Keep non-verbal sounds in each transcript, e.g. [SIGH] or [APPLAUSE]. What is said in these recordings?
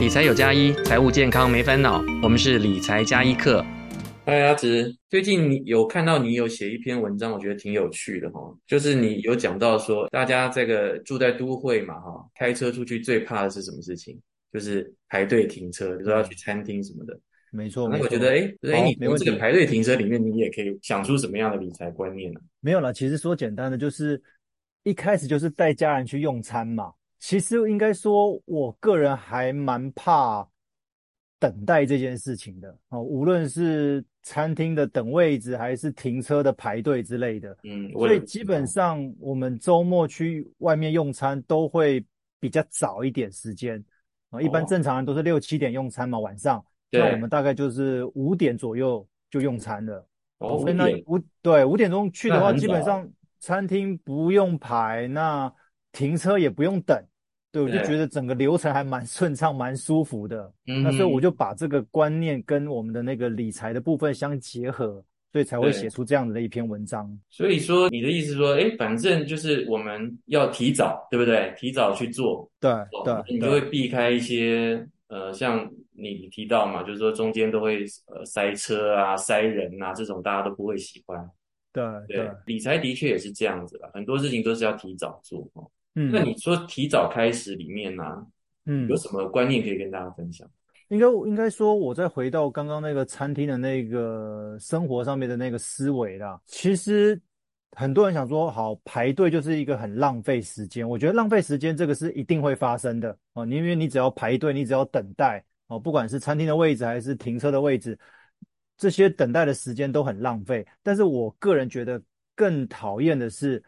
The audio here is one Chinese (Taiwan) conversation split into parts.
理財有加一，財務健康沒煩惱。我們是理財加一課。嗨，阿芝。最近你有看到你有寫一篇文章，我覺得挺有趣的哈。就是你有講到說，大家這個住在都會嘛哈，開車出去最怕的是什麼事情？就是排隊停車，比如說要去餐廳什麼的。沒錯錯。那我覺得，誒哎錯，欸就是、你從這個排隊停車裡面，你也可以想出什麼樣的理財觀念呢、啊哦？沒，沒有啦，其實說簡單的，就是一開始就是帶家人去用餐嘛。其實應該說，我個人還蠻怕等待這件事情的哦、啊，無論是餐廳的等位置，還是停車的排隊之類的。嗯，所以基本上我們周末去外面用餐都會比較早一點時間啊，一般正常人都是六七點用餐嘛，哦、晚上。對。那我們大概就是五點左右就用餐了。哦，所以五點，那五對五點鐘去的話，基本上餐廳不用排，那停車也不用等。對，我就覺得整個流程還蠻順暢，蠻舒服的。嗯，那所以我就把這個觀念跟我們的那個理財的部分相結合，所以才會寫出這樣子的一篇文章。所以說，你的意思說，誒，反正就是我們要提早，對不對？提早去做，對對，對你就會避開一些呃，像你提到嘛，就是說中間都會呃塞車啊、塞人啊這種，大家都不會喜歡。對對，對理財的確也是這樣子的，很多事情都是要提早做。嗯，那你說提早開始理財呢、啊，嗯，有什麼觀念可以跟大家分享？應該應該說，我再回到剛剛那個餐廳的那個生活上面的那個思維啦。其實很多人想說，好，排隊就是一個很浪費時間。我覺得浪費時間這個是一定會發生的啊、哦，因為你只要排隊，你只要等待哦，不管是餐廳的位置還是停車的位置，這些等待的時間都很浪費。但是我個人覺得更討厭的是。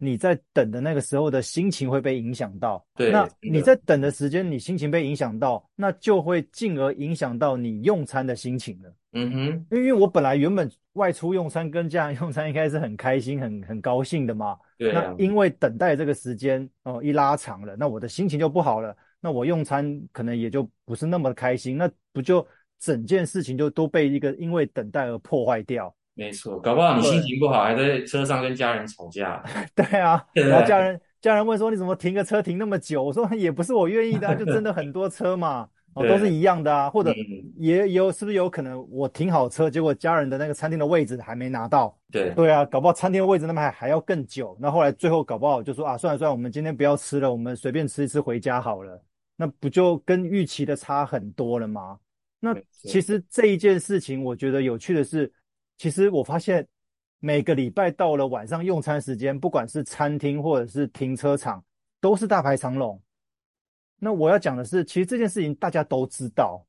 你在等的那個時候的心情會被影響到，對那你在等的時間，你心情被影響到，對那就會進而影響到你用餐的心情了。嗯哼，因為我本來原本外出用餐跟家人用餐應該是很開心很很高興的嘛，對啊、那因為等待這個時間哦、呃、一拉長了，那我的心情就不好了，那我用餐可能也就不是那麼開心，那不就整件事情就都被一個因為等待而破壞掉。沒錯，搞不好你心情不好，對還在車上跟家人吵架。對啊，對對然後家人家人問說：“你怎麼停個車停那麼久？”我說：“也不是我願意的，啊，就真的很多車嘛， [LAUGHS] 對哦，都是一樣的啊。”或者也有，是不是有可能我停好車，結果家人的那個餐廳的位置還沒拿到？對對啊，搞不好餐廳的位置那麼還還要更久。那後來最後搞不好就說啊，算了算了，我們今天不要吃了，我們隨便吃一吃回家好了。那不就跟預期的差很多了嗎？那其實這一件事情，我覺得有趣的是其實我發現每個禮拜到了晚上用餐時間，不管是餐廳或者是停車場，都是大排長龍。那我要講的是，其實這件事情大家都知道，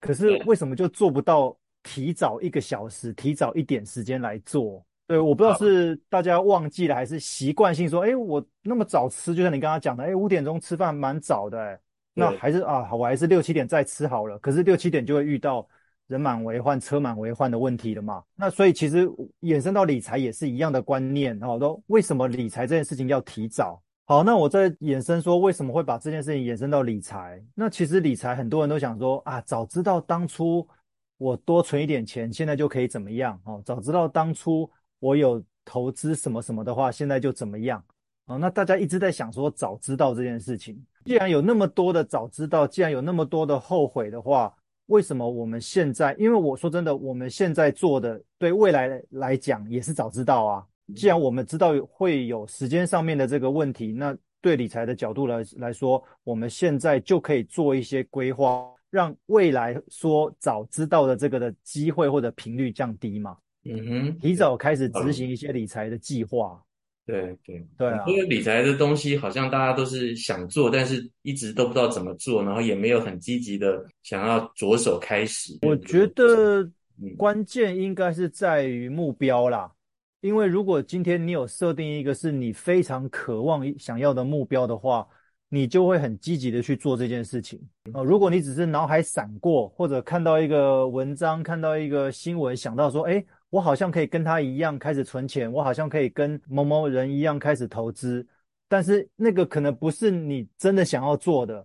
可是為什麼就做不到提早一個小時、提早一點時間來做？對，我不知道是大家忘記了，還是習慣性說，哎，我那麼早吃，就像你剛剛講的，哎，五點鐘吃飯蠻早的。哎，那還是啊，我還是六七點再吃好了。可是六七點就會遇到。人滿為患、車滿為患的問題了嘛。那所以其實衍生到理財也是一樣的觀念哦。都為什麼理財這件事情要提早？好，那我再衍生說，為什麼會把這件事情衍生到理財？那其實理財很多人都想說啊，早知道當初我多存一點錢，現在就可以怎麼樣哦。早知道當初我有投資什麼什麼的話，現在就怎麼樣哦。那大家一直在想說早知道這件事情，既然有那麼多的早知道，既然有那麼多的後悔的話。為什麼我們現在？因為我說真的，我們現在做的對未來來講也是早知道啊。既然我們知道會有時間上面的這個問題，那對理財的角度來來說，我們現在就可以做一些規劃，讓未來說早知道的這個的機會或者頻率降低嘛。嗯哼，提早開始執行一些理財的計劃。對對對，因為、啊、理財的東西好像大家都是想做，但是一直都不知道怎麼做，然後也沒有很積極的想要着手開始。對對，我覺得關鍵應該是在於目標啦，嗯、因為如果今天你有設定一個是你非常渴望想要的目標的話，你就會很積極的去做這件事情、呃。如果你只是腦海閃過或者看到一個文章，看到一個新聞，想到說，哎。我好像可以跟他一樣開始存錢，我好像可以跟某某人一樣開始投資，但是那個可能不是你真的想要做的，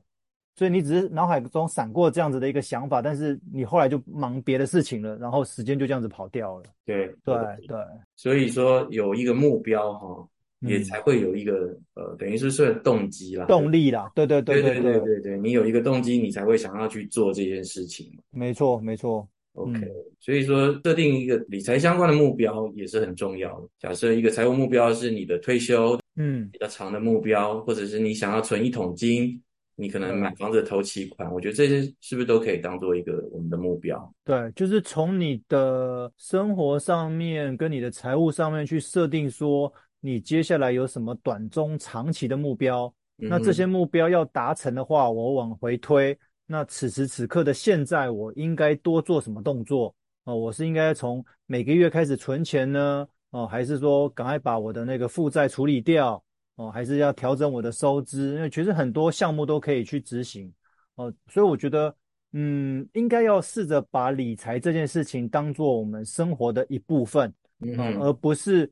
所以你只是腦海中閃過這樣子的一個想法，但是你後來就忙別的事情了，然後時間就這樣子跑掉了。對對對，對對所以說有一個目標哈，也才會有一個、嗯、呃，等於是算動機啦，動力啦。對對對對對對，對對對對對，你有一個動機，你才會想要去做這件事情。沒錯，沒錯。OK，嗯、所以說設定一個理財相關的目標也是很重要的。假設一個財務目標是你的退休，嗯，比較長的目標，或者是你想要存一桶金，你可能買房子的頭期款，嗯、我覺得這些是不是都可以當做一個我們的目標？對，就是從你的生活上面跟你的財務上面去設定說，你接下來有什麼短中長期的目標。嗯、那這些目標要達成的話，我往回推。那此時此刻的現在，我應該多做什麼動作？哦、呃，我是應該從每個月開始存錢呢？哦、呃，還是說趕快把我的那個負債處理掉？哦、呃，還是要調整我的收支？因為其實很多項目都可以去執行。哦、呃，所以我覺得，嗯，應該要試着把理財這件事情當做我們生活的一部分，嗯哼、呃，而不是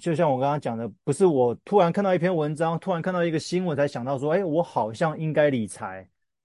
就像我剛剛講的，不是我突然看到一篇文章，突然看到一個新聞才想到說，哎、欸，我好像應該理財。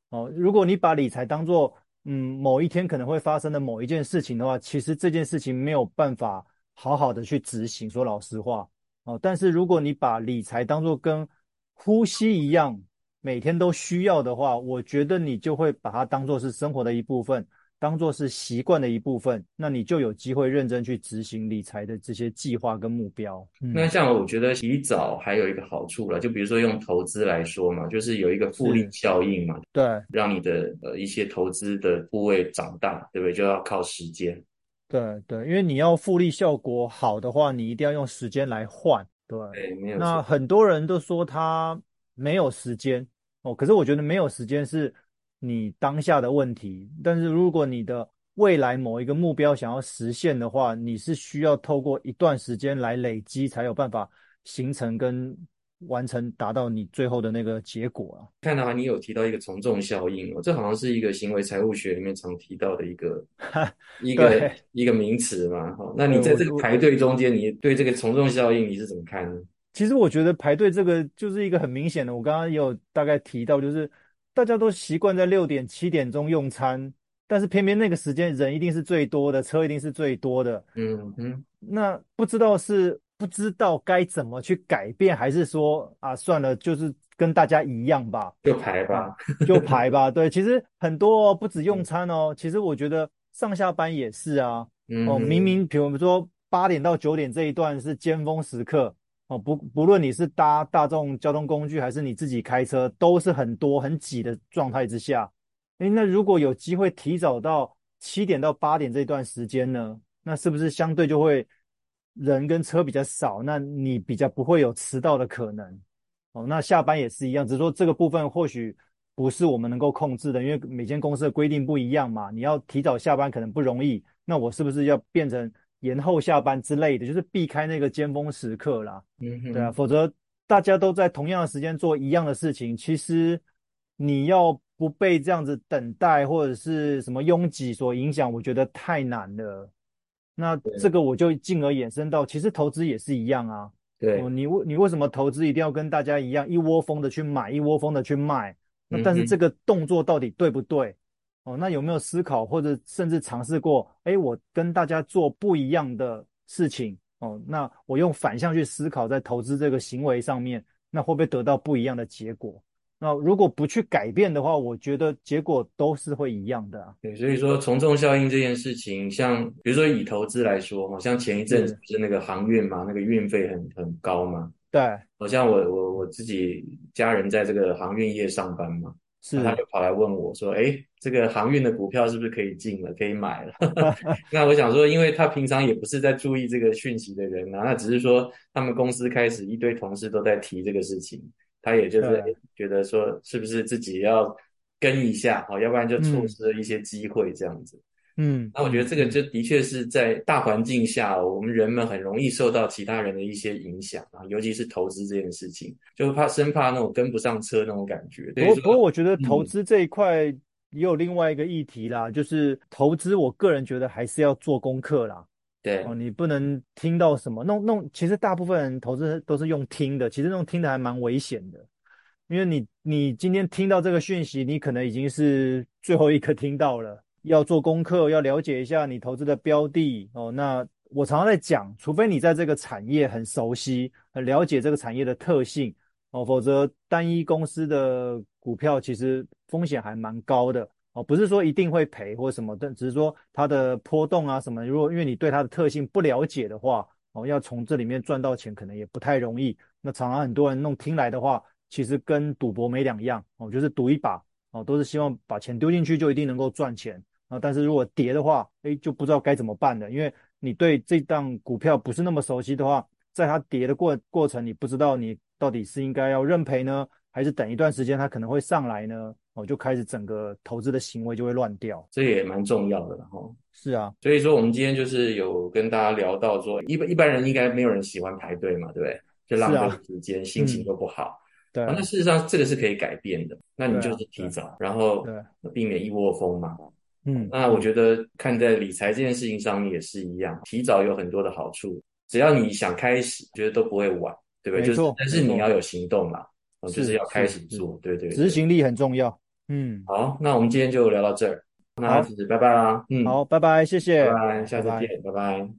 哦，如果你把理財當做嗯某一天可能會發生的某一件事情的話，其實這件事情沒有辦法好好的去執行，說老實話。哦，但是如果你把理財當做跟呼吸一樣每天都需要的話，我覺得你就會把它當做是生活的一部分。當作是習慣的一部分，那你就有機會認真去執行理財的這些計劃跟目標。嗯，那像我覺得洗澡還有一個好處啦，就比如說用投資來說嘛，就是有一個複利效應嘛，對，讓你的呃一些投資的部位長大，對不對？就要靠時間。對對，因為你要複利效果好的話，你一定要用時間來換。對，對。那很多人都說他沒有時間哦，可是我覺得沒有時間是。你當下的問題，但是如果你的未來某一個目標想要實現的話，你是需要透過一段時間來累積，才有辦法形成跟完成，達到你最後的那個結果啊。看到啊，你有提到一個從眾效應哦，這好像是一個行為財務學裡面常提到的一個哈哈一個對一個名詞嘛。哈，那你在這個排隊中間，你對這個從眾效應你是怎麼看呢？其實我覺得排隊這個就是一個很明顯的，我剛剛也有大概提到，就是。大家都習慣在六點七點鐘用餐，但是偏偏那個時間人一定是最多的，車一定是最多的。嗯嗯，嗯，那不知道是不知道該怎麼去改變，還是說啊算了，就是跟大家一樣吧，就排吧，啊，就排吧。 [LAUGHS] 對，其實很多，哦，不止用餐哦，嗯，其實我覺得上下班也是啊。哦，明明，比如說八點到九點這一段是尖峰時刻。哦，不不論你是搭大眾交通工具還是你自己開車，都是很多很擠的狀態之下。誒，那如果有機會提早到七點到八點這段時間呢？那是不是相對就會人跟車比較少？那你比較不會有遲到的可能。哦，那下班也是一樣，只是說這個部分或許不是我們能夠控制的，因為每間公司的規定不一樣嘛。你要提早下班可能不容易。那我是不是要變成？延後下班之類的，就是避開那個尖峰時刻啦。嗯哼，對啊，否則大家都在同樣的時間做一樣的事情，其實你要不被這樣子等待或者是什麼擁擠所影響，我覺得太難了。那這個我就進而衍生到，對其實投資也是一樣啊。對，你為你為什麼投資一定要跟大家一樣，一窩蜂的去買，一窩蜂的去賣？那但是這個動作到底對不對？嗯哦，那有沒有思考或者甚至嘗試過？哎，我跟大家做不一樣的事情哦，那我用反向去思考在投資這個行為上面，那會不會得到不一樣的結果？那如果不去改變的話，我覺得結果都是會一樣的啊。對，所以說從眾效應這件事情，像比如說以投資來說，好像前一陣子不是那個航運嘛，嗯，那個運費很很高嘛。對，好像我我我自己家人在這個航運業上班嘛。是，他就跑來問我說：“哎，這個航運的股票是不是可以進了，可以買了？” [LAUGHS] 那我想說，因為他平常也不是在注意這個訊息的人啊，那只是說他們公司開始一堆同事都在提這個事情，他也就是，是覺得說，是不是自己要跟一下，好，要不然就錯失了一些機會這樣子。嗯嗯，那我覺得這個就的確是在大環境下、哦，我們人們很容易受到其他人的一些影響啊，尤其是投資這件事情，就怕生怕那種跟不上車那種感覺對不。不過不過，我覺得投資這一塊也有另外一個議題啦，嗯、就是投資，我個人覺得還是要做功課啦。對，你不能聽到什麼弄弄，其實大部分人投資都是用聽的，其實那種聽的還蠻危險的，因為你你今天聽到這個訊息，你可能已經是最後一刻聽到了。要做功課，要了解一下你投資的標的哦。那我常常在講，除非你在這個產業很熟悉，很了解這個產業的特性哦，否則單一公司的股票其實風險還蠻高的哦。不是說一定會賠或什麼，但只是說它的波動啊什麼。如果因為你對它的特性不了解的話哦，要從這裡面賺到錢可能也不太容易。那常常很多人弄聽來的話，其實跟賭博沒兩樣哦，就是賭一把。哦，都是希望把錢丟進去就一定能夠賺錢啊！但是如果跌的話，哎，就不知道該怎麼辦了，因為你對這檔股票不是那麼熟悉的話，在它跌的過過程，你不知道你到底是應該要認賠呢，還是等一段時間它可能會上來呢？哦，就開始整個投資的行為就會亂掉，這也蠻重要的了哈、嗯。是啊，所以說我們今天就是有跟大家聊到說，一般一般人應該沒有人喜歡排隊嘛，對不對？就浪費時間，心情都不好。對，那事實上這個是可以改變的，那你就是提早，然後避免一窩蜂嘛。嗯，那我覺得看在理財這件事情上面也是一樣，提早有很多的好處，只要你想開始，覺得都不會晚，對不對？就是，但是你要有行動啦，就是要開始做，對對。執行力很重要。嗯，好，那我們今天就聊到這兒，那就是，拜拜啦。嗯，好，拜拜，謝謝。拜拜，下次見，拜拜。